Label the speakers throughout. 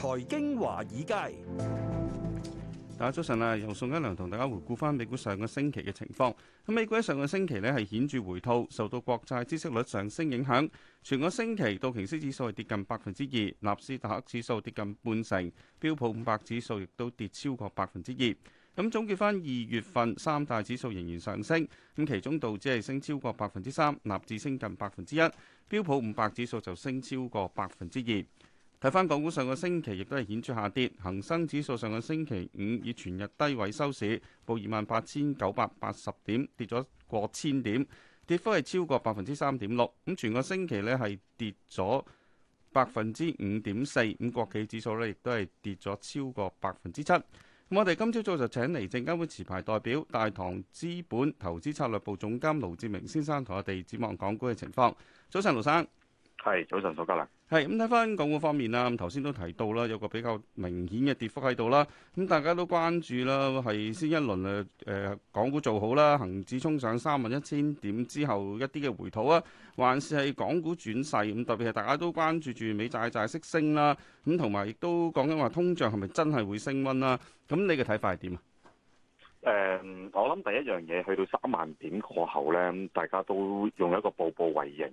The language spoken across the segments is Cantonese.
Speaker 1: 財經華爾街，大家早晨啊！由宋一良同大家回顧翻美股上個星期嘅情況。咁美股喺上個星期咧係顯著回吐，受到國債孳息率上升影響。全個星期道瓊斯指數係跌近百分之二，納斯達克指數跌近半成，標普五百指數亦都跌超過百分之二。咁總結翻二月份三大指數仍然上升，咁其中道指係升超過百分之三，納指升近百分之一，標普五百指數就升超過百分之二。睇翻港股上個星期，亦都係顯著下跌。恒生指數上個星期五以全日低位收市，報二萬八千九百八十點，跌咗過千點，跌幅係超過百分之三點六。咁全個星期咧係跌咗百分之五點四。咁國企指數咧亦都係跌咗超過百分之七。咁我哋今朝早就請嚟證監會持牌代表大堂資本投資策略部總監盧志明先生同我哋展望港股嘅情況。早晨，盧生，係早晨，蘇家麟。係咁睇翻港股方面啦，咁頭先都提到啦，有個比較明顯嘅跌幅喺度啦。咁大家都關注啦，係先一輪誒誒港股做好啦，恒指衝上三萬一千點之後一啲嘅回吐啊，還是係港股轉勢？咁特別係大家都關注住美債債息升啦，咁同埋亦都講緊話通脹係咪真係會升溫啦？咁你嘅睇法係點啊？
Speaker 2: 誒、呃，我諗第一樣嘢，去到三萬點過後咧，大家都用一個步步為營。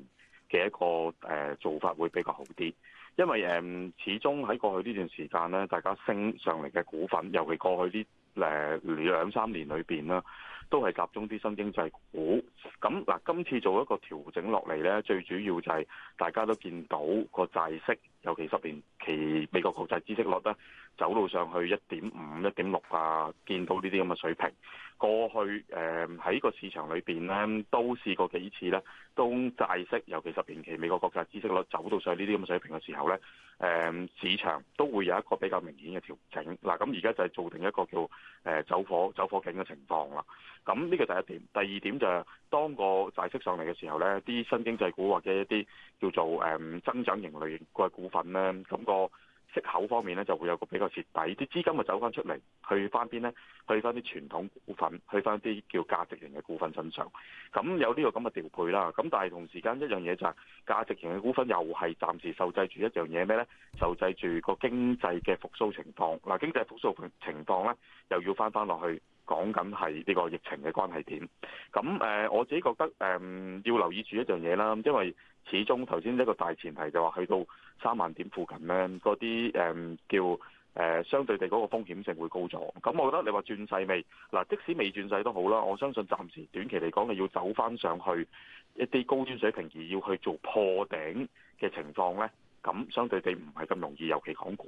Speaker 2: 嘅一個誒做法會比較好啲，因為誒始終喺過去呢段時間咧，大家升上嚟嘅股份，尤其過去啲。誒兩三年裏邊啦，都係集中啲新經濟股。咁嗱，今次做一個調整落嚟咧，最主要就係大家都見到個債息，尤其十年期美國國債孳息率咧，走到上去一點五、一點六啊，見到呢啲咁嘅水平。過去誒喺、呃、個市場裏邊咧，都試過幾次咧，當債息，尤其十年期美國國債孳息率走到上呢啲咁嘅水平嘅時候呢，誒市場都會有一個比較明顯嘅調整，嗱咁而家就係做定一個叫誒走火走火警嘅情況啦。咁呢個第一點，第二點就係當個債息上嚟嘅時候，呢啲新經濟股或者一啲叫做誒增長型類型嘅股份呢，咁個。息口方面咧就會有個比較徹底，啲資金咪走翻出嚟，去翻邊咧？去翻啲傳統股份，去翻啲叫價值型嘅股份身上。咁有呢個咁嘅調配啦。咁但係同時間一樣嘢就係價值型嘅股份又係暫時受制住一樣嘢咩咧？受制住個經濟嘅復甦情況。嗱，經濟復甦情況咧又要翻翻落去講緊係呢個疫情嘅關係點。咁誒、呃，我自己覺得誒、呃、要留意住一樣嘢啦，因為。始終頭先一個大前提就話去到三萬點附近咧，嗰啲誒叫誒、呃、相對地嗰個風險性會高咗。咁我覺得你話轉勢未？嗱，即使未轉勢都好啦，我相信暫時短期嚟講，你要走翻上去一啲高端水平而要去做破頂嘅情況咧。咁相對地唔係咁容易，尤其港股。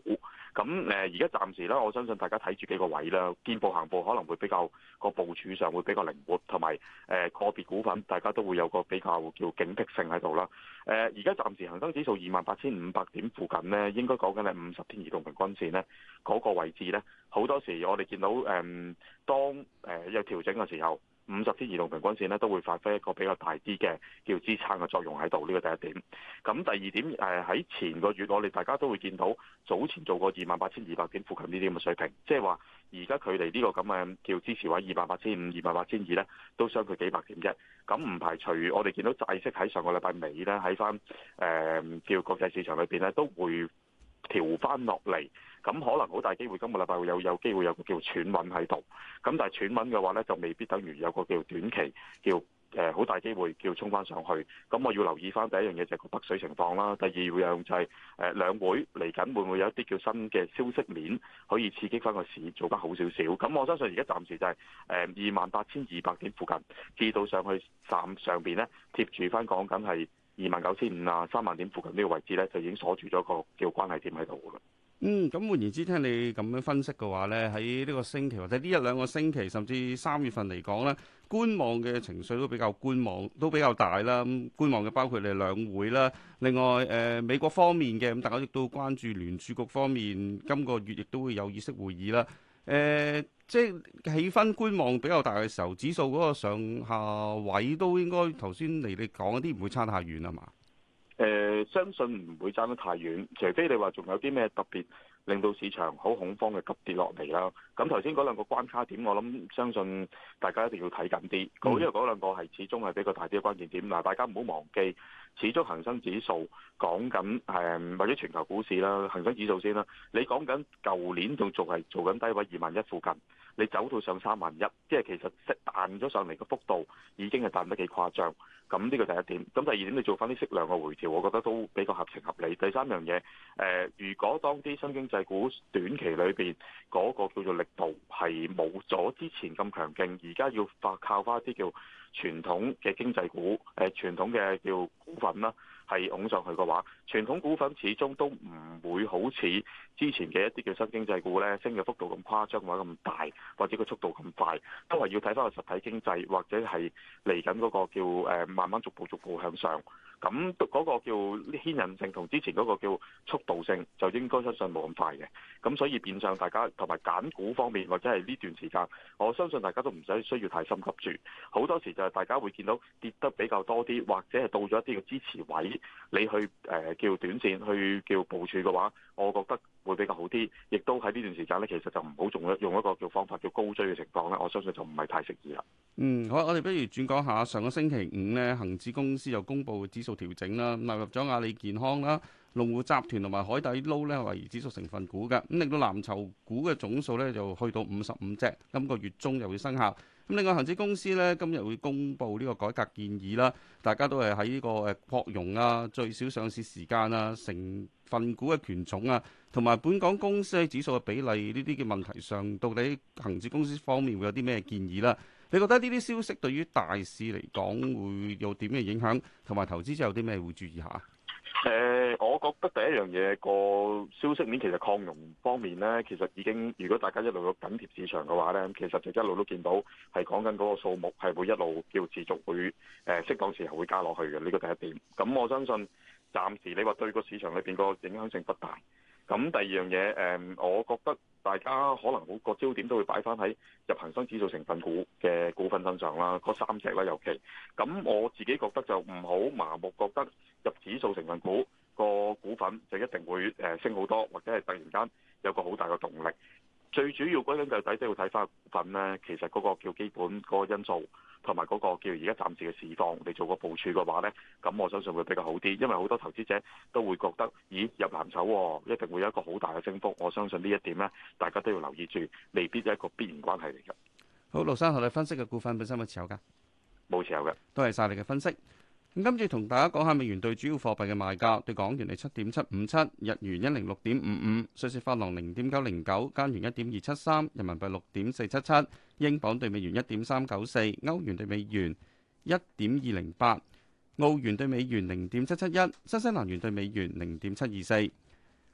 Speaker 2: 咁誒，而家暫時咧，我相信大家睇住幾個位啦，見步行步可能會比較個部署上會比較靈活，同埋誒個別股份，大家都會有個比較叫警惕性喺度啦。誒，而家暫時恒生指數二萬八千五百點附近呢，應該講緊係五十天移動平均線呢嗰個位置呢。好多時我哋見到誒，當誒有調整嘅時候。五十天移動平均線咧都會發揮一個比較大啲嘅叫支撐嘅作用喺度，呢個第一點。咁第二點誒喺、呃、前個月我哋大家都會見到早前做過二萬八千二百點附近呢啲咁嘅水平，即係話而家距離呢個咁嘅叫支持位二萬八千五、二萬八千二呢，都相距幾百點啫。咁唔排除我哋見到債息喺上個禮拜尾呢，喺翻誒叫國際市場裏邊呢，都會調翻落嚟。咁可能好大機會，今個禮拜會有有機會有個叫喘穩喺度。咁但係喘穩嘅話呢，就未必等於有個叫短期叫誒好大機會叫衝翻上去。咁我要留意翻第一樣嘢就係個北水情況啦，第二樣就係、是、誒兩會嚟緊會唔會有一啲叫新嘅消息面可以刺激翻個市做得好少少。咁我相信而家暫時就係誒二萬八千二百點附近至到上去站上邊呢貼住翻講緊係二萬九千五啊，三萬點附近呢個位置呢，就已經鎖住咗個叫關係點喺度噶啦。
Speaker 1: 嗯，咁換言之，聽你咁樣分析嘅話呢，喺呢個星期或者呢一兩個星期，甚至三月份嚟講咧，觀望嘅情緒都比較觀望，都比較大啦。咁觀望嘅包括你兩會啦，另外誒、呃、美國方面嘅，咁大家亦都關注聯儲局方面今個月亦都會有議息會議啦。誒、呃，即係氣氛觀望比較大嘅時候，指數嗰個上下位都應該頭先你哋講啲唔會差太遠啊嘛。
Speaker 2: 相信唔會爭得太遠，除非你話仲有啲咩特別令到市場好恐慌嘅急跌落嚟啦。咁頭先嗰兩個關卡點，我諗相信大家一定要睇緊啲，因為嗰兩個係始終係比較大啲嘅關鍵點。嗱，大家唔好忘記。始終恒生指數講緊係或者全球股市啦，恒生指數先啦。你講緊舊年仲做係做緊低位二萬一附近，你走到上三萬一，即係其實即彈咗上嚟嘅幅度已經係彈得幾誇張，咁呢個第一點。咁第二點，你做翻啲適量嘅回調，我覺得都比較合情合理。第三樣嘢，誒、呃，如果當啲新經濟股短期裏邊嗰個叫做力度係冇咗之前咁強勁，而家要發靠翻一啲叫傳統嘅經濟股，誒傳統嘅叫股份啦，係拱上去嘅話，傳統股份始終都唔會好似之前嘅一啲叫新經濟股咧升嘅幅度咁誇張，或者咁大，或者個速度咁快，因為要睇翻個實體經濟，或者係嚟緊嗰個叫誒慢慢逐步逐步向上。咁嗰個叫牽引性，同之前嗰個叫速度性，就應該相信冇咁快嘅。咁所以變相大家同埋揀股方面，或者係呢段時間，我相信大家都唔使需要太心急住。好多時就係大家會見到跌得比較多啲，或者係到咗一啲嘅支持位，你去誒、呃、叫短線去叫部署嘅話。我覺得會比較好啲，亦都喺呢段時間呢，其實就唔好用一用一個叫方法叫高追嘅情況咧，我相信就唔係太適宜啦。
Speaker 1: 嗯，好，我哋不如轉講下上個星期五呢，恒指公司又公布指數調整啦，納入咗阿里健康啦、龍湖集團同埋海底撈呢為指數成分股嘅，咁令到藍籌股嘅總數呢，就去到五十五隻，今個月中就會生效。咁另外，恒指公司咧，今日會公布呢個改革建議啦，大家都係喺呢個誒擴容啊、最少上市時間啊、成份股嘅權重啊，同埋本港公司喺指數嘅比例呢啲嘅問題上，到底恆指公司方面會有啲咩建議啦？你覺得呢啲消息對於大市嚟講會有點咩影響，同埋投資者有啲咩會注意下？
Speaker 2: 誒，uh, 我覺得第一樣嘢個消息面其實擴容方面咧，其實已經如果大家一路有緊貼市場嘅話咧，其實就一路都見到係講緊嗰個數目係會一路叫持續會誒呃、適當時候會加落去嘅。呢個第一點。咁我相信暫時你話對個市場裏邊個影響性不大。咁第二樣嘢誒，uh, 我覺得。大家可能嗰個焦點都會擺翻喺入恆生指數成分股嘅股份身上啦，嗰三隻啦尤其咁，我自己覺得就唔好盲目覺得入指數成分股個股份就一定會誒升好多，或者係突然間有個好大嘅動力。最主要嗰樣就係底，都要睇翻個股份咧。其實嗰個叫基本嗰個因素，同埋嗰個叫而家暫時嘅市況，你做個部署嘅話咧，咁我相信會比較好啲。因為好多投資者都會覺得，咦，入藍籌、哦、一定會有一個好大嘅升幅。我相信呢一點咧，大家都要留意住，未必係一個必然關係嚟嘅。
Speaker 1: 好，盧生同你分析嘅股份本身有持有㗎？冇持有嘅。多謝晒你嘅分析。咁今次同大家講下美元兌主要貨幣嘅賣價，兌港元係七點七五七，日元一零六點五五，瑞士法郎零點九零九，加元一點二七三，人民幣六點四七七，英鎊兌美元一點三九四，歐元兌美元一點二零八，澳元兌美元零點七七一，新西蘭元兌美元零點七二四。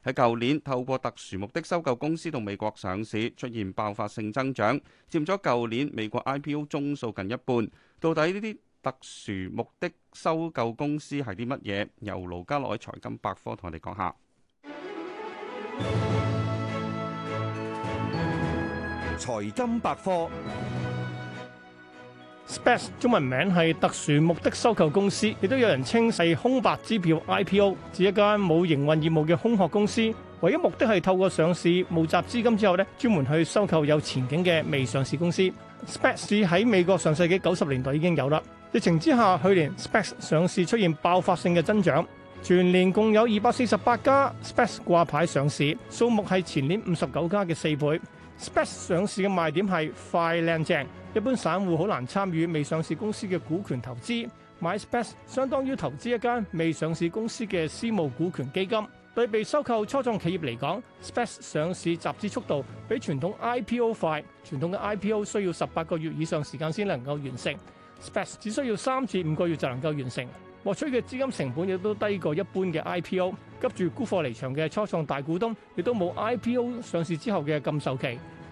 Speaker 1: 喺舊年透過特殊目的收購公司到美國上市，出現爆發性增長，佔咗舊年美國 IPO 宗數近一半。到底呢啲？特殊目的收購公司係啲乜嘢？由盧家凱財金百科同我哋講下。
Speaker 3: 財金百科 SPAC 中文名係特殊目的收購公司，亦都有人稱係空白支票 IPO，指一間冇營運業務嘅空殼公司。唯一目的係透過上市募集資金之後咧，專門去收購有前景嘅未上市公司。SPAC 喺美國上世紀九十年代已經有啦。疫情之下，去年 SPAC 上市出現爆發性嘅增長，全年共有二百四十八家 SPAC 掛牌上市，數目係前年五十九家嘅四倍。SPAC 上市嘅賣點係快、靚、正，一般散戶好難參與未上市公司嘅股權投資。買 SPAC 相當於投資一間未上市公司嘅私募股權基金。對被收購初創企業嚟講，SPAC 上市集資速度比傳統 IPO 快，傳統嘅 IPO 需要十八個月以上時間先能夠完成。只需要三至五個月就能夠完成，獲取嘅資金成本亦都低過一般嘅 IPO，急住沽貨離場嘅初創大股東亦都冇 IPO 上市之後嘅禁售期。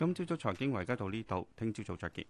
Speaker 1: 今朝早財經華爾街到呢度，聽朝早再見。